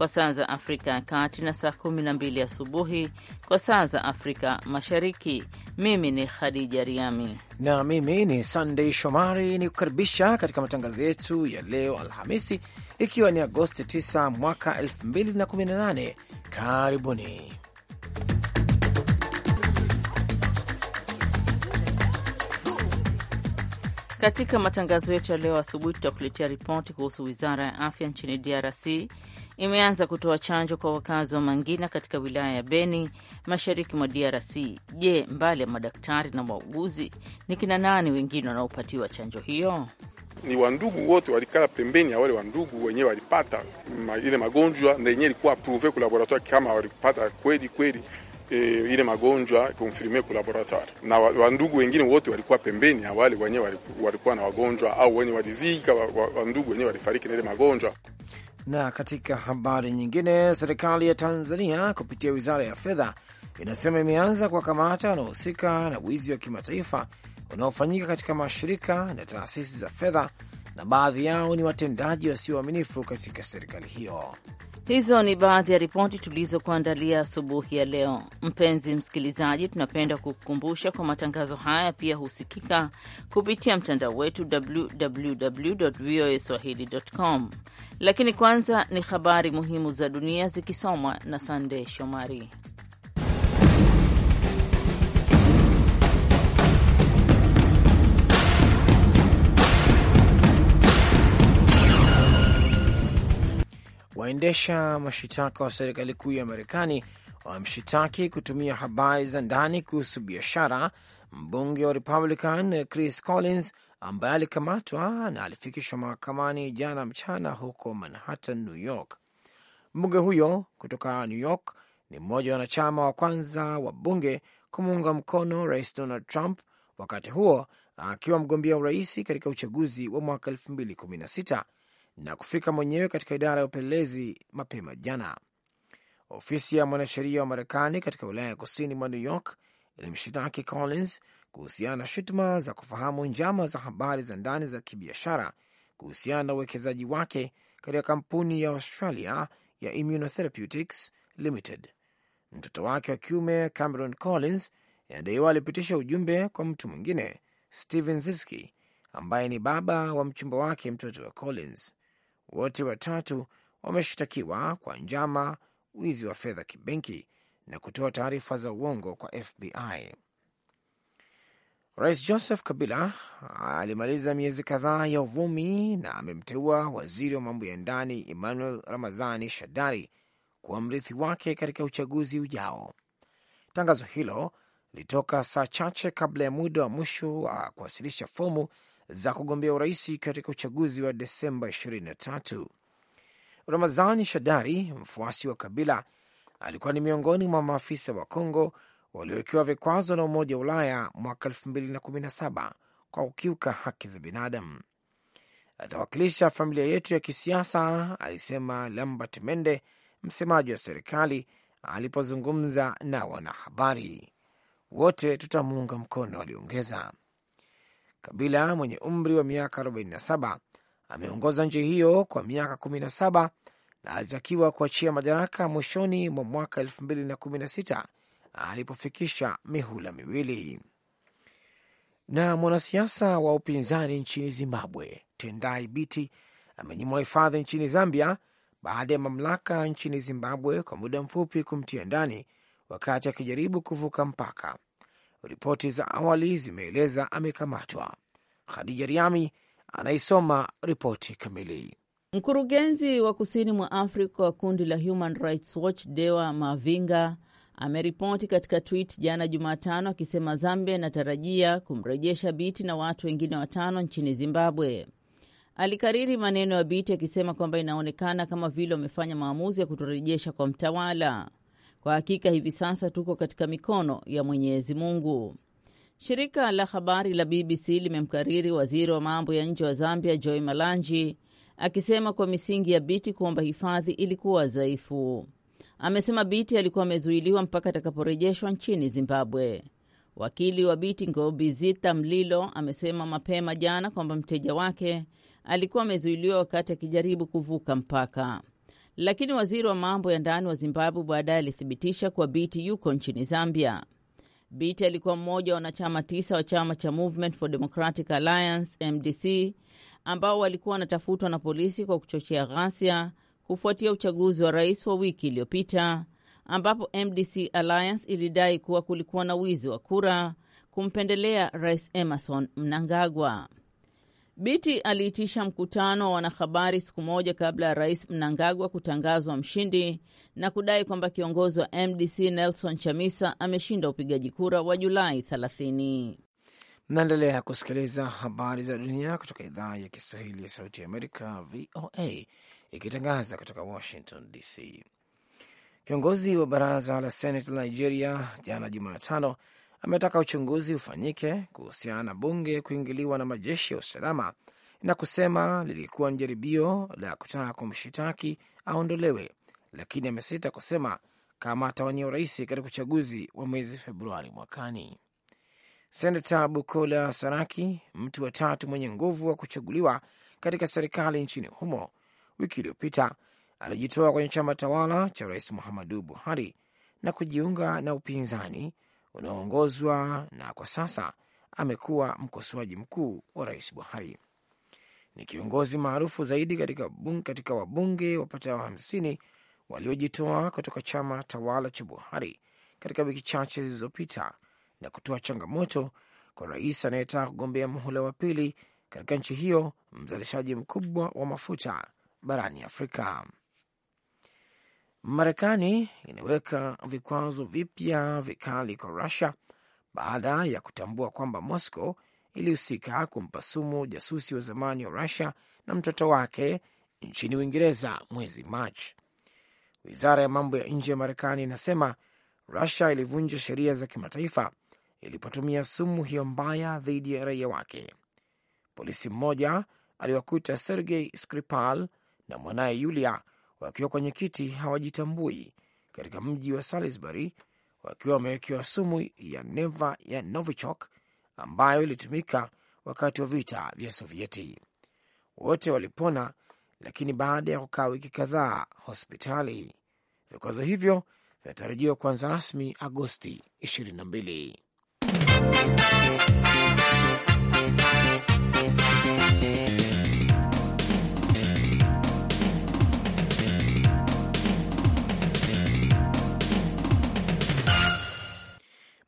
kwa saa za Afrika ya Kati na saa 12 asubuhi kwa saa za Afrika Mashariki. Mimi ni Khadija Riami na mimi ni Sandei Shomari, ni kukaribisha katika matangazo yetu ya leo Alhamisi, ikiwa ni Agosti 9 mwaka 2018. Karibuni. Katika matangazo yetu ya leo asubuhi tutakuletea ripoti kuhusu wizara ya afya nchini DRC imeanza kutoa chanjo kwa wakazi wa Mangina katika wilaya ya Beni, mashariki mwa DRC. Je, mbali ya madaktari na wauguzi, ni kina nani wengine wanaopatiwa chanjo hiyo? Ni wandugu wote walikala pembeni ya wale wandugu wenyewe walipata ile magonjwa na yenyewe ilikuwa apruve ku laboratoire kama walipata kweli kweli E, ile magonjwa konfirme ku laboratoire na wandugu wengine wote walikuwa pembeni ya wale wenyewe walikuwa na wagonjwa au wenye walizika, wandugu wenyewe walifariki na ile magonjwa. Na katika habari nyingine, serikali ya Tanzania kupitia wizara ya fedha inasema imeanza kuwakamata wanaohusika na wizi wa kimataifa unaofanyika katika mashirika na taasisi za fedha na baadhi yao ni watendaji wasioaminifu katika serikali hiyo. Hizo ni baadhi ya ripoti tulizokuandalia asubuhi ya leo. Mpenzi msikilizaji, tunapenda kukukumbusha kwa matangazo haya pia husikika kupitia mtandao wetu www voa swahili.com. Lakini kwanza ni habari muhimu za dunia zikisomwa na Sandey Shomari. waendesha mashitaka wa serikali kuu ya Marekani wamshitaki kutumia habari za ndani kuhusu biashara mbunge wa Republican Chris Collins ambaye alikamatwa na alifikishwa mahakamani jana mchana huko Manhattan, New York. Mbunge huyo kutoka New York ni mmoja wa wanachama wa kwanza wa bunge kumuunga mkono Rais Donald Trump, wakati huo akiwa mgombea urais katika uchaguzi wa mwaka 2016 na kufika mwenyewe katika idara ya upelelezi mapema jana. Ofisi ya mwanasheria wa Marekani katika wilaya ya kusini mwa New York ilimshitaki Collins kuhusiana na shutuma za kufahamu njama za habari za ndani za kibiashara kuhusiana na uwekezaji wake katika kampuni ya Australia ya Immunotherapeutics Limited. Mtoto wake wa kiume Cameron Collins inadaiwa alipitisha ujumbe kwa mtu mwingine Steven Ziski, ambaye ni baba wa mchumba wake mtoto wa Collins. Wote watatu wameshtakiwa kwa njama, wizi wa fedha kibenki na kutoa taarifa za uongo kwa FBI. Rais Joseph Kabila alimaliza miezi kadhaa ya uvumi na amemteua waziri wa mambo ya ndani Emmanuel Ramazani Shadari kuwa mrithi wake katika uchaguzi ujao. Tangazo hilo lilitoka saa chache kabla ya muda wa mwisho wa kuwasilisha fomu za kugombea urais katika uchaguzi wa Desemba 23. Ramazani Shadari, mfuasi wa Kabila, alikuwa ni miongoni mwa maafisa wa Kongo waliowekewa vikwazo na Umoja wa Ulaya mwaka 2017 kwa kukiuka haki za binadamu. Atawakilisha familia yetu ya kisiasa, alisema Lambert Mende, msemaji wa serikali alipozungumza na wanahabari. Wote tutamuunga mkono, aliongeza. Kabila mwenye umri wa miaka 47 ameongoza nchi hiyo kwa miaka 17 na alitakiwa kuachia madaraka mwishoni mwa mwaka 2016 alipofikisha mihula miwili. Na mwanasiasa wa upinzani nchini Zimbabwe Tendai Biti amenyimwa hifadhi nchini Zambia baada ya mamlaka nchini Zimbabwe kwa muda mfupi kumtia ndani wakati akijaribu kuvuka mpaka. Ripoti za awali zimeeleza amekamatwa. Khadija Riami anaisoma ripoti kamili. Mkurugenzi wa kusini mwa Afrika wa kundi la Human Rights Watch Dewa Mavinga ameripoti katika twit jana Jumatano akisema Zambia inatarajia kumrejesha Biti na watu wengine watano nchini Zimbabwe. Alikariri maneno ya Biti akisema kwamba inaonekana kama vile wamefanya maamuzi ya kutorejesha kwa mtawala. Kwa hakika hivi sasa tuko katika mikono ya Mwenyezi Mungu. Shirika la habari la BBC limemkariri waziri wa mambo ya nje wa Zambia Joy Malanji akisema kwa misingi ya Biti kuomba hifadhi ilikuwa dhaifu. Amesema Biti alikuwa amezuiliwa mpaka atakaporejeshwa nchini Zimbabwe. Wakili wa Biti Ngobizita Mlilo amesema mapema jana kwamba mteja wake alikuwa amezuiliwa wakati akijaribu kuvuka mpaka lakini waziri wa mambo ya ndani wa Zimbabwe baadaye alithibitisha kuwa Biti yuko nchini Zambia. Biti alikuwa mmoja wa wanachama tisa wa chama cha Movement for Democratic Alliance MDC ambao walikuwa wanatafutwa na polisi kwa kuchochea ghasia kufuatia uchaguzi wa rais wa wiki iliyopita ambapo MDC Alliance ilidai kuwa kulikuwa na wizi wa kura kumpendelea Rais Emerson Mnangagwa. Biti aliitisha mkutano wa wanahabari siku moja kabla ya rais Mnangagwa kutangazwa mshindi na kudai kwamba kiongozi wa MDC Nelson Chamisa ameshinda upigaji kura wa Julai 30. Mnaendelea kusikiliza habari za dunia kutoka idhaa ya Kiswahili ya Sauti ya Amerika, VOA, ikitangaza kutoka Washington DC. Kiongozi wa baraza la Senate la Nigeria jana Jumatano ametaka uchunguzi ufanyike kuhusiana na bunge kuingiliwa na majeshi ya usalama na kusema lilikuwa ni jaribio la kutaka kumshitaki aondolewe, lakini amesita kusema kama atawania urais katika uchaguzi wa mwezi Februari mwakani. Senata Bukola Saraki, mtu wa tatu mwenye nguvu wa kuchaguliwa katika serikali nchini humo, wiki iliyopita alijitoa kwenye chama tawala cha rais Muhammadu Buhari na kujiunga na upinzani unaoongozwa na kwa sasa amekuwa mkosoaji mkuu wa rais Buhari. Ni kiongozi maarufu zaidi katika, bunge, katika wabunge wapatao hamsini waliojitoa kutoka chama tawala cha Buhari katika wiki chache zilizopita na kutoa changamoto kwa rais anayetaka kugombea muhula wa pili katika nchi hiyo, mzalishaji mkubwa wa mafuta barani Afrika. Marekani inaweka vikwazo vipya vikali kwa Rusia baada ya kutambua kwamba Moscow ilihusika kumpa sumu jasusi wa zamani wa Rusia na mtoto wake nchini Uingereza mwezi Machi. Wizara ya mambo ya nje ya Marekani inasema Rusia ilivunja sheria za kimataifa ilipotumia sumu hiyo mbaya dhidi ya raia wake. Polisi mmoja aliwakuta Sergei Skripal na mwanaye Yulia wakiwa kwenye kiti hawajitambui katika mji wa Salisbury, wakiwa wamewekewa sumu ya neva ya Novichok ambayo ilitumika wakati wa vita vya Sovieti. Wote walipona, lakini baada ya kukaa wiki kadhaa hospitali. Vikwazo hivyo vinatarajiwa kuanza rasmi Agosti 22.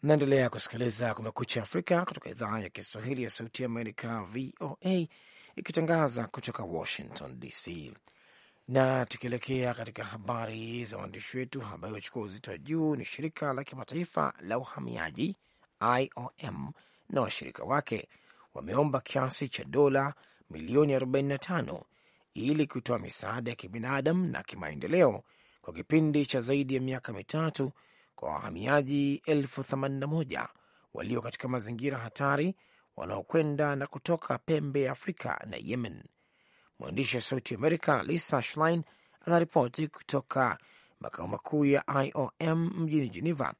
naendelea kusikiliza Kumekucha Afrika kutoka idhaa ya Kiswahili ya Sauti ya Amerika, VOA, ikitangaza kutoka Washington DC. Na tukielekea katika habari za waandishi wetu, ambayo wachukua uzito wa juu ni shirika la kimataifa la uhamiaji IOM na washirika wake wameomba kiasi cha dola milioni 45 ili kutoa misaada ya kibinadamu na kimaendeleo kwa kipindi cha zaidi ya miaka mitatu kwa wahamiaji elfu themanini na moja walio katika mazingira hatari wanaokwenda na kutoka pembe ya Afrika na Yemen. Mwandishi wa Sauti Amerika Lisa Schlein anaripoti kutoka makao makuu ya IOM mjini Geneva,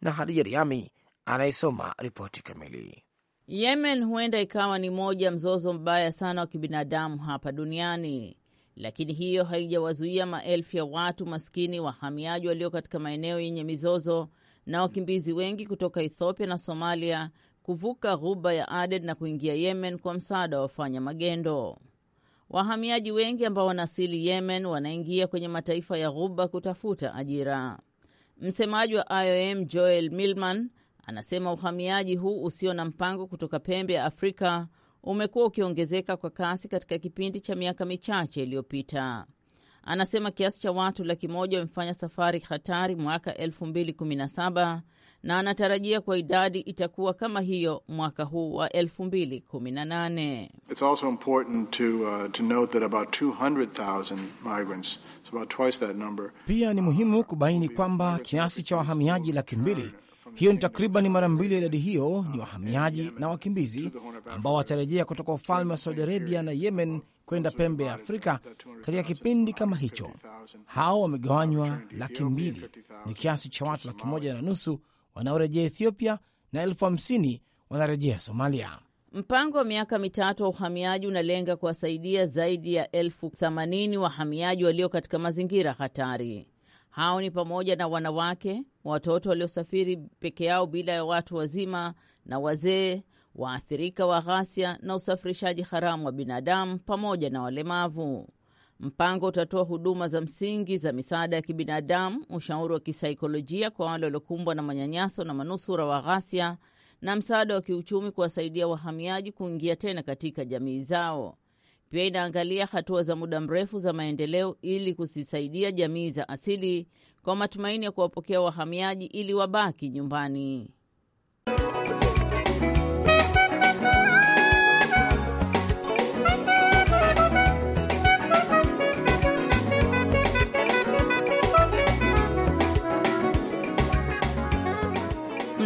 na Hadija Riami anayesoma ripoti kamili. Yemen huenda ikawa ni moja mzozo mbaya sana wa kibinadamu hapa duniani lakini hiyo haijawazuia maelfu ya watu maskini, wahamiaji walio katika maeneo yenye mizozo na wakimbizi wengi kutoka Ethiopia na Somalia kuvuka ghuba ya Aden na kuingia Yemen kwa msaada wa wafanya magendo. Wahamiaji wengi ambao wanaasili Yemen wanaingia kwenye mataifa ya ghuba kutafuta ajira. Msemaji wa IOM Joel Milman anasema uhamiaji huu usio na mpango kutoka pembe ya Afrika umekuwa ukiongezeka kwa kasi katika kipindi cha miaka michache iliyopita. Anasema kiasi cha watu laki moja wamefanya safari hatari mwaka 2017 na anatarajia kwa idadi itakuwa kama hiyo mwaka huu wa 2018. It's also important to, uh, to note that about 200,000 migrants, so about twice that number. Pia ni muhimu kubaini kwamba kiasi cha wahamiaji laki mbili hiyo ni takriban mara mbili ya idadi hiyo ni wahamiaji na wakimbizi ambao watarejea kutoka ufalme wa Saudi Arabia na Yemen kwenda pembe ya Afrika katika kipindi kama hicho. Hao wamegawanywa laki mbili, ni kiasi cha watu laki moja na nusu wanaorejea Ethiopia na elfu hamsini wanarejea Somalia. Mpango wa miaka mitatu wa uhamiaji unalenga kuwasaidia zaidi ya elfu themanini wahamiaji walio katika mazingira hatari. Hao ni pamoja na wanawake, watoto waliosafiri peke yao bila ya watu wazima na wazee, waathirika wa ghasia na usafirishaji haramu wa binadamu, pamoja na walemavu. Mpango utatoa huduma za msingi za misaada ya kibinadamu, ushauri wa kisaikolojia kwa wale waliokumbwa na manyanyaso na manusura wa ghasia, na msaada wa kiuchumi kuwasaidia wahamiaji kuingia tena katika jamii zao. Pia inaangalia hatua za muda mrefu za maendeleo ili kuzisaidia jamii za asili kwa matumaini ya kuwapokea wahamiaji ili wabaki nyumbani.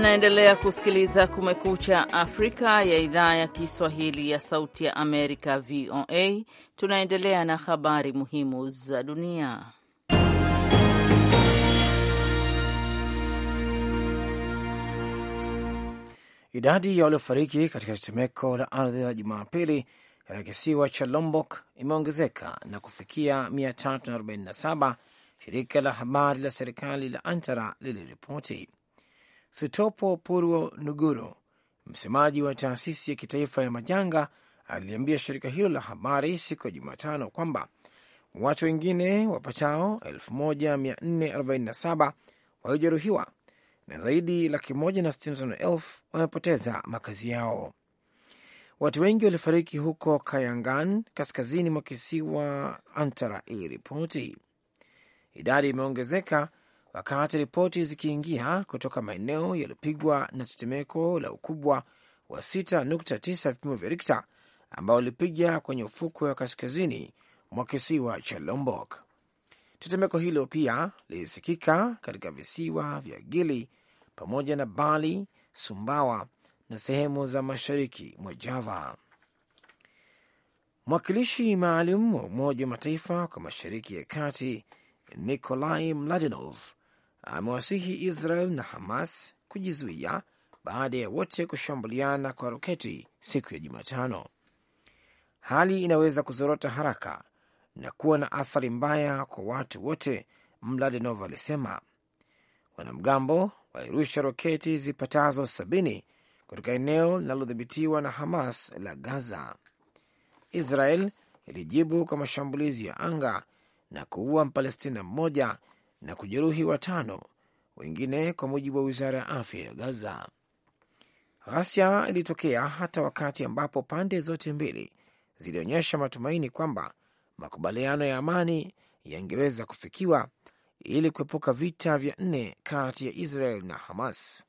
Mnaendelea kusikiliza Kumekucha Afrika ya idhaa ya Kiswahili ya Sauti ya Amerika, VOA. Tunaendelea na habari muhimu za dunia. Idadi ya waliofariki katika tetemeko la ardhi la Jumapili katika kisiwa cha Lombok imeongezeka na kufikia 347, shirika la habari la serikali la Antara liliripoti. Sutopo Purwo Nuguro, msemaji wa taasisi ya kitaifa ya majanga, aliambia shirika hilo la habari siku ya Jumatano kwamba watu wengine wapatao 1447 waliojeruhiwa na zaidi laki moja na sitini na tano elfu wamepoteza makazi yao. Watu wengi walifariki huko Kayangan, kaskazini mwa kisiwa Antara. Iripoti idadi imeongezeka wakati ripoti zikiingia kutoka maeneo yaliyopigwa na tetemeko la ukubwa wa 6.9 vipimo vya Rikta ambao ulipiga kwenye ufukwe wa kaskazini mwa kisiwa cha Lombok. Tetemeko hilo pia lilisikika katika visiwa vya Gili pamoja na Bali, Sumbawa na sehemu za mashariki mwa Java. Mwakilishi maalum wa Umoja wa Mataifa kwa Mashariki ya Kati Nikolai Mladenov amewasihi Israel na Hamas kujizuia baada ya wote kushambuliana kwa roketi siku ya Jumatano. Hali inaweza kuzorota haraka na kuwa na athari mbaya kwa watu wote, Mladenov alisema. Wanamgambo walirusha roketi zipatazo sabini kutoka eneo linalodhibitiwa na Hamas la Gaza. Israel ilijibu kwa mashambulizi ya anga na kuua Mpalestina mmoja na kujeruhi watano wengine, kwa mujibu wa wizara ya afya ya Gaza. Ghasia ilitokea hata wakati ambapo pande zote mbili zilionyesha matumaini kwamba makubaliano ya amani yangeweza kufikiwa ili kuepuka vita vya nne kati ya Israel na Hamas.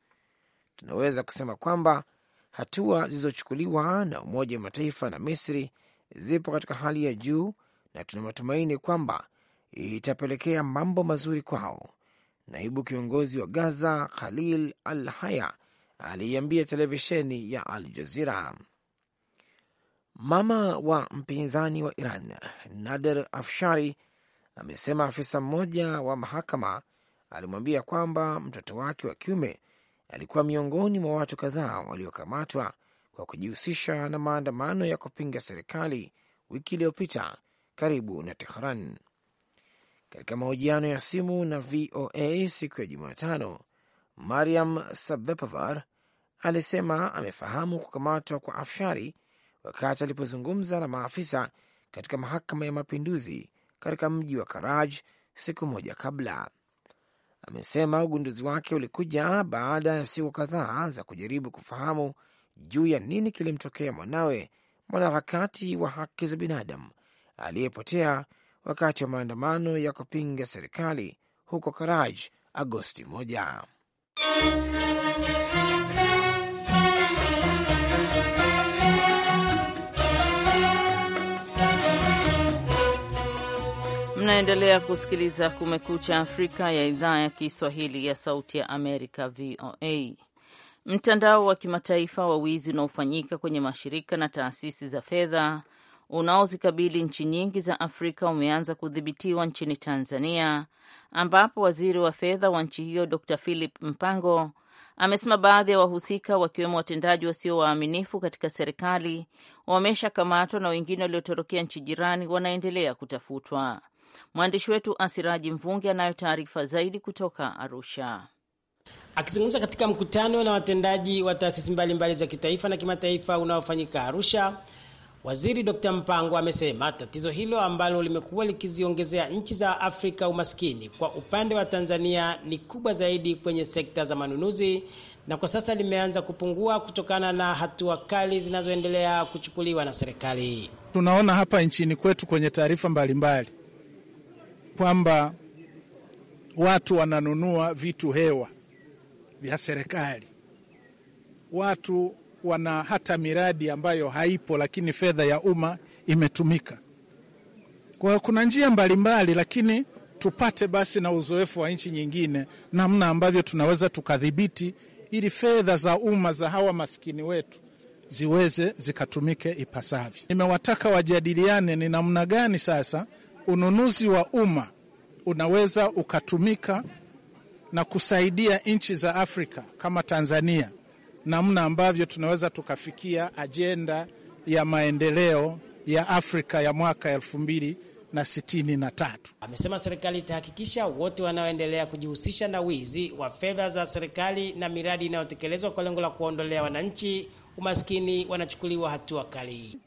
Tunaweza kusema kwamba hatua zilizochukuliwa na Umoja wa Mataifa na Misri zipo katika hali ya juu na tuna matumaini kwamba itapelekea mambo mazuri kwao. Naibu kiongozi wa Gaza Khalil Al Haya aliiambia televisheni ya Al Jazira. Mama wa mpinzani wa Iran Nader Afshari amesema afisa mmoja wa mahakama alimwambia kwamba mtoto wake wa kiume alikuwa miongoni mwa watu kadhaa waliokamatwa kwa kujihusisha na maandamano ya kupinga serikali wiki iliyopita karibu na Tehran. Katika mahojiano ya simu na VOA siku ya Jumatano, Mariam Sabvepavar alisema amefahamu kukamatwa kwa Afshari wakati alipozungumza na maafisa katika mahakama ya mapinduzi katika mji wa Karaj siku moja kabla. Amesema ugunduzi wake ulikuja baada ya siku kadhaa za kujaribu kufahamu juu ya nini kilimtokea mwanawe, mwanaharakati wa haki za binadamu aliyepotea wakati wa maandamano ya kupinga serikali huko Karaj Agosti moja. Mnaendelea kusikiliza Kumekucha Afrika ya idhaa ya Kiswahili ya Sauti ya Amerika, VOA. Mtandao wa kimataifa wa wizi unaofanyika kwenye mashirika na taasisi za fedha unaozikabili nchi nyingi za Afrika umeanza kudhibitiwa nchini Tanzania, ambapo waziri wa fedha wa nchi hiyo Dr Philip Mpango amesema baadhi ya wahusika wakiwemo watendaji wasio waaminifu katika serikali wameshakamatwa na wengine waliotorokea nchi jirani wanaendelea kutafutwa. Mwandishi wetu Asiraji Mvungi anayo taarifa zaidi kutoka Arusha. Akizungumza katika mkutano na watendaji wa taasisi mbalimbali za kitaifa na kimataifa unaofanyika Arusha, Waziri Dr. Mpango amesema tatizo hilo ambalo limekuwa likiziongezea nchi za Afrika umaskini kwa upande wa Tanzania ni kubwa zaidi kwenye sekta za manunuzi na kwa sasa limeanza kupungua kutokana na hatua kali zinazoendelea kuchukuliwa na serikali. Tunaona hapa nchini kwetu kwenye taarifa mbalimbali kwamba watu wananunua vitu hewa vya serikali, watu wana hata miradi ambayo haipo, lakini fedha ya umma imetumika. Kwa hiyo kuna njia mbalimbali mbali, lakini tupate basi na uzoefu wa nchi nyingine, namna ambavyo tunaweza tukadhibiti ili fedha za umma za hawa maskini wetu ziweze zikatumike ipasavyo. Nimewataka wajadiliane ni namna gani sasa ununuzi wa umma unaweza ukatumika na kusaidia nchi za Afrika kama Tanzania namna ambavyo tunaweza tukafikia ajenda ya maendeleo ya Afrika ya mwaka elfu mbili na sitini na tatu. Amesema serikali itahakikisha wote wanaoendelea kujihusisha na wizi wa fedha za serikali na miradi inayotekelezwa kwa lengo la kuondolea wananchi umaskini wanachukuliwa hatua kali.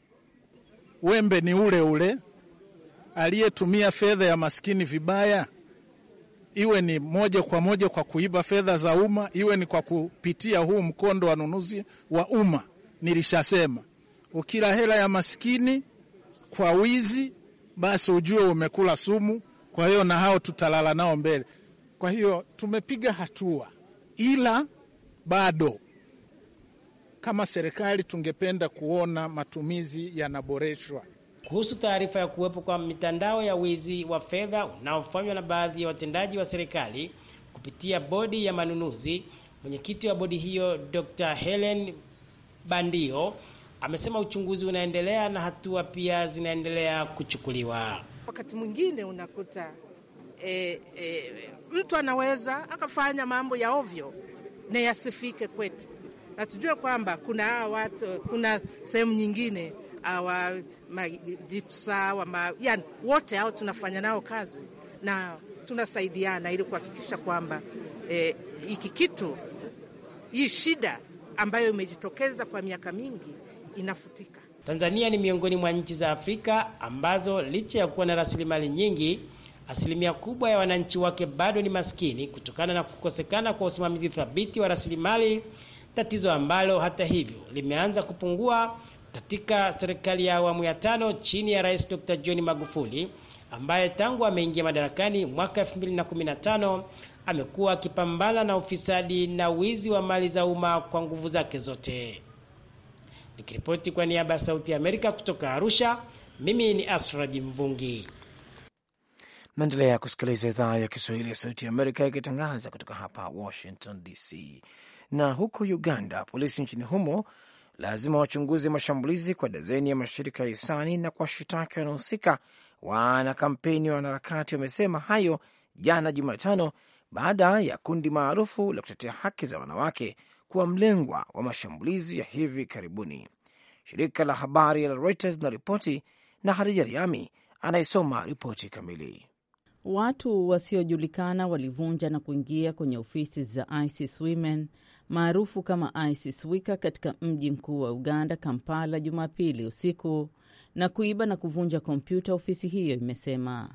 Wembe ni ule ule aliyetumia fedha ya maskini vibaya iwe ni moja kwa moja kwa kuiba fedha za umma, iwe ni kwa kupitia huu mkondo wa nunuzi wa umma. Nilishasema ukila hela ya maskini kwa wizi, basi ujue umekula sumu. Kwa hiyo na hao tutalala nao mbele. Kwa hiyo tumepiga hatua, ila bado kama serikali tungependa kuona matumizi yanaboreshwa kuhusu taarifa ya kuwepo kwa mitandao ya wizi wa fedha unaofanywa na baadhi ya watendaji wa serikali kupitia bodi ya manunuzi. Mwenyekiti wa bodi hiyo Dr. Helen Bandio amesema uchunguzi unaendelea na hatua pia zinaendelea kuchukuliwa. Wakati mwingine unakuta e, e, mtu anaweza akafanya mambo ya ovyo na yasifike kwetu, na tujue kwamba kuna watu, kuna sehemu nyingine awa majipsa ma, yani wote hao tunafanya nao kazi na tunasaidiana ili kuhakikisha kwamba eh, hiki e, kitu hii shida ambayo imejitokeza kwa miaka mingi inafutika. Tanzania ni miongoni mwa nchi za Afrika ambazo licha ya kuwa na rasilimali nyingi, asilimia kubwa ya wananchi wake bado ni maskini kutokana na kukosekana kwa usimamizi thabiti wa rasilimali, tatizo ambalo hata hivyo limeanza kupungua katika serikali ya awamu ya tano chini ya Rais Dr. John Magufuli ambaye tangu ameingia madarakani mwaka 2015 amekuwa akipambana na ufisadi na wizi wa mali za umma kwa nguvu zake zote. Nikiripoti kwa niaba ya Sauti ya Amerika kutoka Arusha, mimi ni Asraji Mvungi. Naendelea kusikiliza idhaa ya Kiswahili ya Sauti ya Amerika ikitangaza kutoka hapa Washington DC. Na huko Uganda, polisi nchini humo lazima wachunguze mashambulizi kwa dazeni ya mashirika ya hisani na kwa kuwashitaki wanahusika. Wanakampeni wa wanaharakati wamesema hayo jana Jumatano baada ya kundi maarufu la kutetea haki za wanawake kuwa mlengwa wa mashambulizi ya hivi karibuni. Shirika la habari la Reuters na ripoti na Harija Riami anayesoma ripoti kamili. Watu wasiojulikana walivunja na kuingia kwenye ofisi za ISIS Women maarufu kama Isis Wika katika mji mkuu wa Uganda, Kampala, Jumapili usiku na kuiba na kuvunja kompyuta, ofisi hiyo imesema.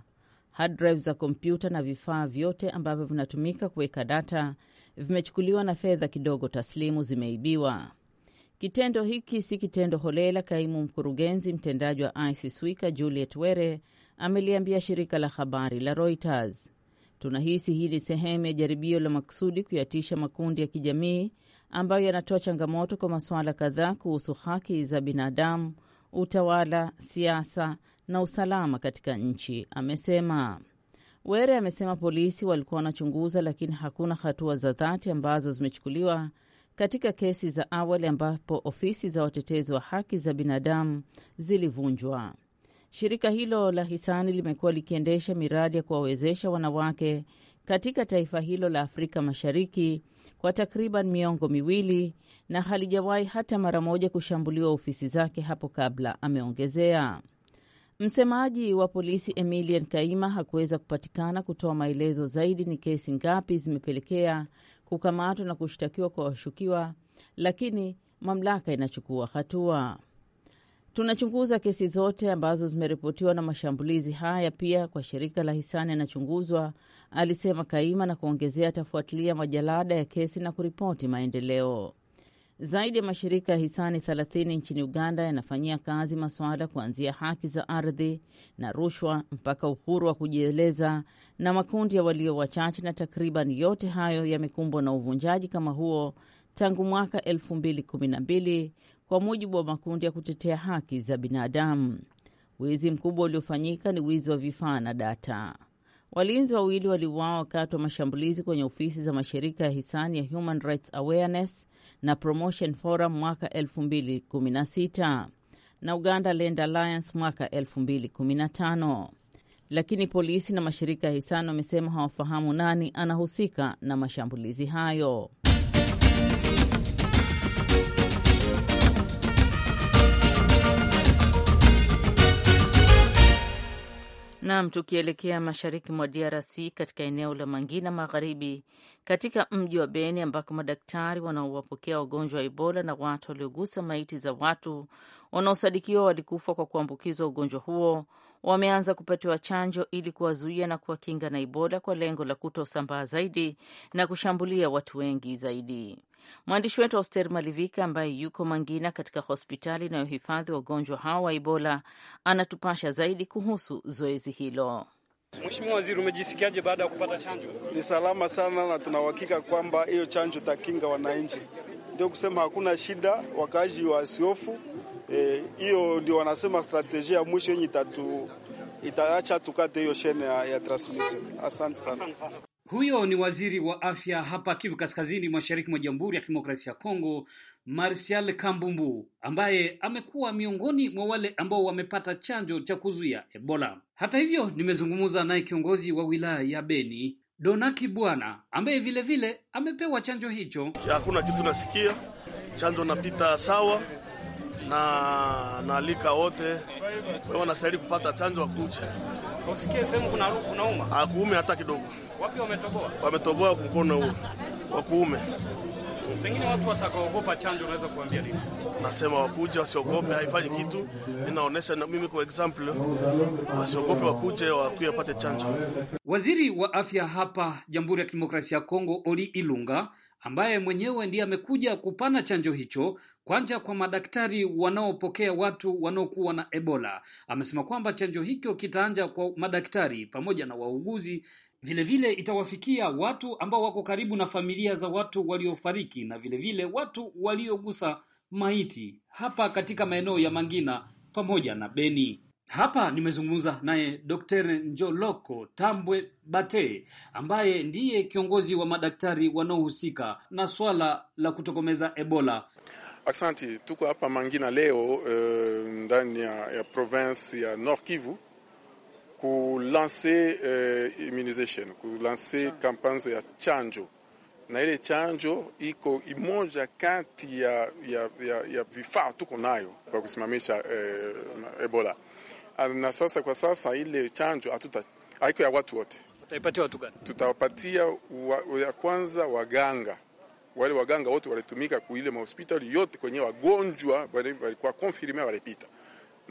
Hard drive za kompyuta na vifaa vyote ambavyo vinatumika kuweka data vimechukuliwa na fedha kidogo taslimu zimeibiwa. Kitendo hiki si kitendo holela, kaimu mkurugenzi mtendaji wa Isis Wika Juliet Were ameliambia shirika la habari la Reuters. Tunahisi hii ni sehemu ya jaribio la makusudi kuyatisha makundi ya kijamii ambayo yanatoa changamoto kwa masuala kadhaa kuhusu haki za binadamu, utawala, siasa na usalama katika nchi, amesema. Were amesema polisi walikuwa wanachunguza, lakini hakuna hatua za dhati ambazo zimechukuliwa katika kesi za awali ambapo ofisi za watetezi wa haki za binadamu zilivunjwa. Shirika hilo la hisani limekuwa likiendesha miradi ya kuwawezesha wanawake katika taifa hilo la Afrika Mashariki kwa takriban miongo miwili na halijawahi hata mara moja kushambuliwa ofisi zake hapo kabla, ameongezea. Msemaji wa polisi Emilian Kaima hakuweza kupatikana kutoa maelezo zaidi ni kesi ngapi zimepelekea kukamatwa na kushtakiwa kwa washukiwa, lakini mamlaka inachukua hatua. Tunachunguza kesi zote ambazo zimeripotiwa na mashambulizi haya pia kwa shirika la hisani anachunguzwa, alisema Kaima, na kuongezea atafuatilia majalada ya kesi na kuripoti maendeleo. Zaidi ya mashirika ya hisani 30 nchini Uganda yanafanyia kazi masuala kuanzia haki za ardhi na rushwa mpaka uhuru wa kujieleza na makundi ya walio wachache, na takriban yote hayo yamekumbwa na uvunjaji kama huo tangu mwaka 2012 kwa mujibu wa makundi ya kutetea haki za binadamu. Wizi mkubwa uliofanyika ni wizi wa vifaa na data. Walinzi wawili waliuawa wakati wa mashambulizi kwenye ofisi za mashirika ya hisani ya Human Rights Awareness na Promotion Forum mwaka 2016 na Uganda Land Alliance mwaka 2015, lakini polisi na mashirika ya hisani wamesema hawafahamu nani anahusika na mashambulizi hayo. Nam, tukielekea mashariki mwa DRC katika eneo la Mangina Magharibi, katika mji wa Beni ambako madaktari wanaowapokea wagonjwa wa Ebola na watu waliogusa maiti za watu wanaosadikiwa walikufa kwa kuambukizwa ugonjwa huo wameanza kupatiwa chanjo ili kuwazuia na kuwakinga na Ebola kwa lengo la kutosambaa zaidi na kushambulia watu wengi zaidi. Mwandishi wetu Auster Malivika ambaye yuko Mangina katika hospitali inayohifadhi wagonjwa hao wa Ebola anatupasha zaidi kuhusu zoezi hilo. Mheshimiwa Waziri, umejisikiaje baada ya kupata chanjo? Ni salama sana na tunauhakika kwamba hiyo chanjo takinga wananchi, ndio kusema hakuna shida, wakaaji wasiofu e, hiyo. E, ndio wanasema strategia ya mwisho yenye itaacha tukate hiyo shene ya, ya transmission. Asante sana. Huyo ni waziri wa afya hapa Kivu Kaskazini, mashariki mwa Jamhuri ya Kidemokrasia ya Kongo, Marsial Kambumbu, ambaye amekuwa miongoni mwa wale ambao wamepata chanjo cha kuzuia Ebola. Hata hivyo, nimezungumza naye kiongozi wa wilaya ya Beni, Donaki Bwana, ambaye vilevile vile amepewa chanjo hicho. Hakuna kitu nasikia, chanjo napita sawa na naalika wote wanastahili kupata chanjo, wakuche hata kidogo. Wapi wametoboa? Wametoboa mkono huu wa kuume. Pengine watu watakaogopa chanjo, unaweza kuambia nini? Nasema wakuje, wasiogope, haifanyi kitu. Ninaonesha na mimi kwa example, wasiogope, wakuje, wakuye, wapate chanjo. Waziri wa afya hapa Jamhuri ya Kidemokrasia ya Kongo, Oli Ilunga, ambaye mwenyewe ndiye amekuja kupana chanjo hicho kwanja kwa madaktari wanaopokea watu wanaokuwa na Ebola, amesema kwamba chanjo hicho kitaanja kwa madaktari pamoja na wauguzi Vilevile itawafikia watu ambao wako karibu na familia za watu waliofariki na vilevile vile watu waliogusa maiti hapa katika maeneo ya Mangina pamoja na Beni. Hapa nimezungumza naye Dr. Njoloko Tambwe Bate ambaye ndiye kiongozi wa madaktari wanaohusika na swala la kutokomeza Ebola. Asante, tuko hapa Mangina leo eh, ndani ya, ya province ya North Kivu kulanse eh, immunization kulanse kampeni ya chanjo, na ile chanjo iko imoja kati ya, ya, ya, ya vifaa tuko nayo kwa kusimamisha eh, Ebola. Ah, na sasa kwa sasa ile chanjo hatuta haiko ya watu wote. Tutaipatia watu gani? Tutawapatia wa, ya kwanza waganga wale waganga wote walitumika kuile mahospitali yote kwenye wagonjwa walikuwa konfirme walipita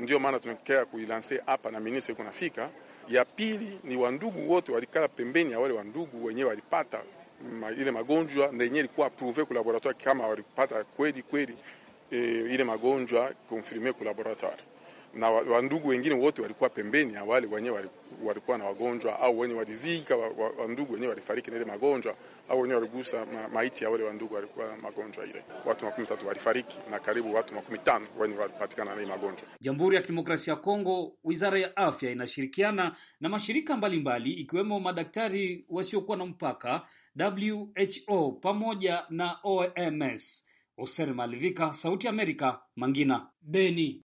Ndiyo maana tunakea kuilanse hapa na ministre kunafika. Ya pili ni wandugu wote walikala pembeni ya wale wandugu wenyewe walipata ma, ile magonjwa na yenyewe ilikuwa approve ku laboratoire kama walipata kweli kweli, e, ile magonjwa konfirme ku laboratoire na wandugu wengine wote walikuwa pembeni ya wale wenyewe walikuwa na wagonjwa au wenye walizika wandugu wenyewe walifariki na ile magonjwa au wenyewe waligusa ma, maiti ya wale wandugu walikuwa na magonjwa ile. Watu makumi tatu walifariki na karibu watu makumi tano wenye walipatikana na ile magonjwa. Jamhuri ya Kidemokrasia ya Kongo, Wizara ya Afya inashirikiana na mashirika mbalimbali mbali, ikiwemo madaktari wasiokuwa na mpaka WHO pamoja na OMS. Oser Malivika, Sauti Amerika, Mangina, Beni.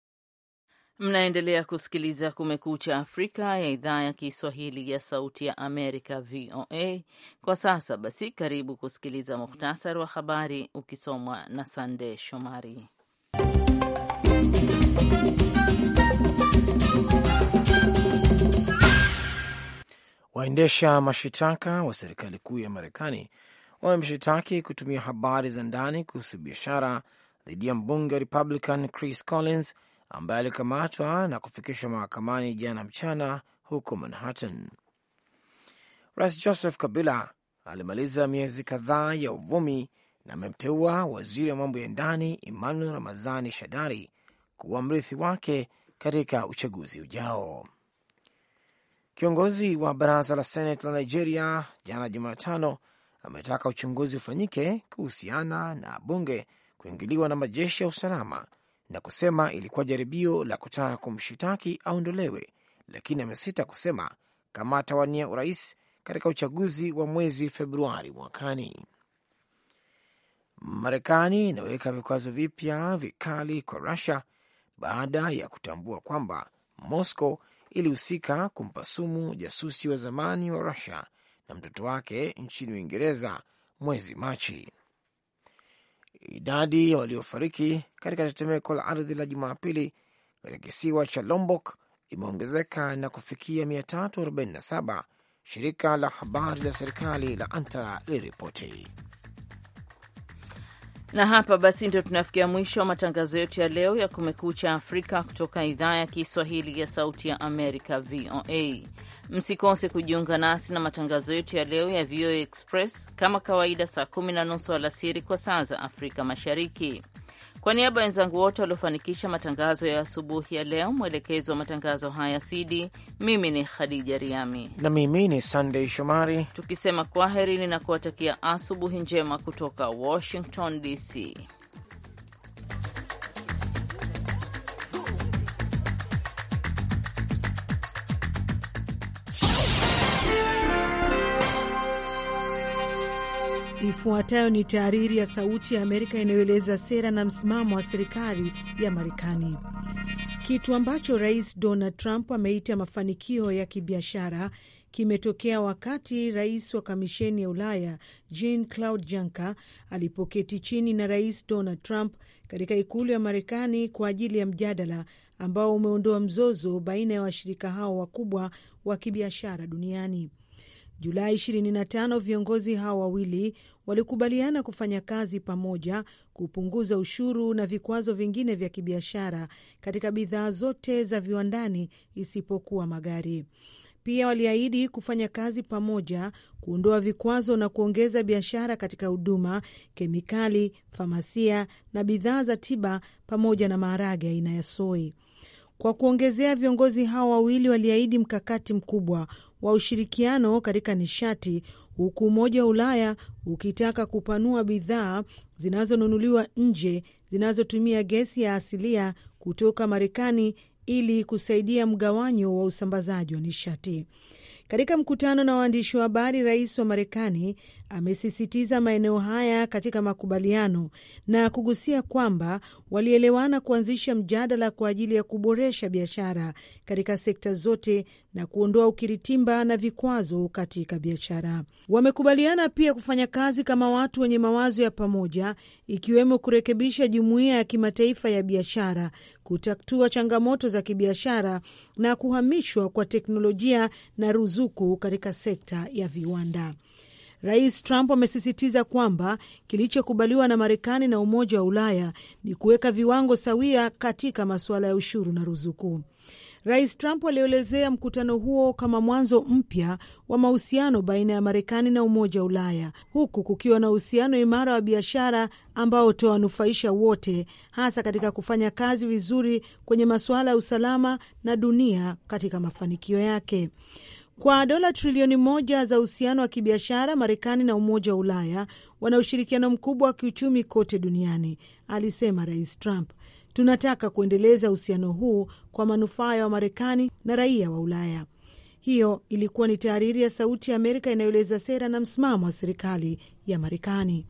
Mnaendelea kusikiliza Kumekucha Afrika ya idhaa ya Kiswahili ya Sauti ya Amerika, VOA. Kwa sasa basi, karibu kusikiliza muhtasari wa habari ukisomwa na Sande Shomari. Waendesha mashitaka wa serikali kuu ya Marekani wamemshitaki kutumia habari za ndani kuhusu biashara dhidi ya mbunge wa Republican Chris Collins ambaye alikamatwa na kufikishwa mahakamani jana mchana huko Manhattan. Rais Joseph Kabila alimaliza miezi kadhaa ya uvumi na amemteua waziri wa mambo ya ndani Emmanuel Ramazani Shadari kuwa mrithi wake katika uchaguzi ujao. Kiongozi wa baraza la seneti la Nigeria jana Jumatano ametaka uchunguzi ufanyike kuhusiana na bunge kuingiliwa na majeshi ya usalama na kusema ilikuwa jaribio la kutaka kumshitaki aondolewe, lakini amesita kusema kama atawania urais katika uchaguzi wa mwezi Februari mwakani. Marekani inaweka vikwazo vipya vikali kwa Rusia baada ya kutambua kwamba Moscow ilihusika kumpa sumu jasusi wa zamani wa Rusia na mtoto wake nchini Uingereza mwezi Machi idadi ya waliofariki katika tetemeko la ardhi la Jumapili katika kisiwa cha Lombok imeongezeka na kufikia 347, shirika la habari la serikali la Antara liliripoti. Na hapa basi ndio tunafikia mwisho wa matangazo yetu ya leo ya Kumekucha Afrika kutoka idhaa ya Kiswahili ya Sauti ya Amerika, VOA. Msikose kujiunga nasi na matangazo yetu ya leo ya VOA Express kama kawaida, saa kumi na nusu alasiri kwa saa za Afrika Mashariki. Kwa niaba ya wenzangu wote waliofanikisha matangazo ya asubuhi ya leo, mwelekezi wa matangazo haya Sidi, mimi ni Khadija Riami na mimi ni Sandey Shomari, tukisema kwaherini na kuwatakia asubuhi njema kutoka Washington DC. Ifuatayo ni tahariri ya Sauti ya Amerika inayoeleza sera na msimamo wa serikali ya Marekani. Kitu ambacho Rais Donald Trump ameita mafanikio ya kibiashara kimetokea wakati rais wa Kamisheni ya Ulaya Jean Claude Juncker alipoketi chini na Rais Donald Trump katika Ikulu ya Marekani kwa ajili ya mjadala ambao umeondoa mzozo baina ya washirika hao wakubwa wa kibiashara duniani. Julai 25 viongozi hao wawili walikubaliana kufanya kazi pamoja kupunguza ushuru na vikwazo vingine vya kibiashara katika bidhaa zote za viwandani isipokuwa magari. Pia waliahidi kufanya kazi pamoja kuondoa vikwazo na kuongeza biashara katika huduma, kemikali, famasia na bidhaa za tiba pamoja na maharage aina ya soi. Kwa kuongezea, viongozi hao wawili waliahidi mkakati mkubwa wa ushirikiano katika nishati huku Umoja wa Ulaya ukitaka kupanua bidhaa zinazonunuliwa nje zinazotumia gesi ya asilia kutoka Marekani ili kusaidia mgawanyo wa usambazaji wa nishati. Katika mkutano na waandishi wa habari, rais wa Marekani amesisitiza maeneo haya katika makubaliano na kugusia kwamba walielewana kuanzisha mjadala kwa ajili ya kuboresha biashara katika sekta zote na kuondoa ukiritimba na vikwazo katika biashara. Wamekubaliana pia kufanya kazi kama watu wenye mawazo ya pamoja, ikiwemo kurekebisha jumuiya ya kimataifa ya biashara, kutatua changamoto za kibiashara na kuhamishwa kwa teknolojia na ruzuku katika sekta ya viwanda. Rais Trump amesisitiza kwamba kilichokubaliwa na Marekani na Umoja wa Ulaya ni kuweka viwango sawia katika masuala ya ushuru na ruzuku. Rais Trump alielezea mkutano huo kama mwanzo mpya wa mahusiano baina ya Marekani na Umoja wa Ulaya, huku kukiwa na uhusiano imara wa biashara ambao utawanufaisha wote, hasa katika kufanya kazi vizuri kwenye masuala ya usalama na dunia katika mafanikio yake. Kwa dola trilioni moja za uhusiano wa kibiashara, Marekani na Umoja wa Ulaya wana ushirikiano mkubwa wa kiuchumi kote duniani, alisema Rais Trump. Tunataka kuendeleza uhusiano huu kwa manufaa ya Wamarekani na raia wa Ulaya. Hiyo ilikuwa ni tahariri ya Sauti ya Amerika inayoeleza sera na msimamo wa serikali ya Marekani.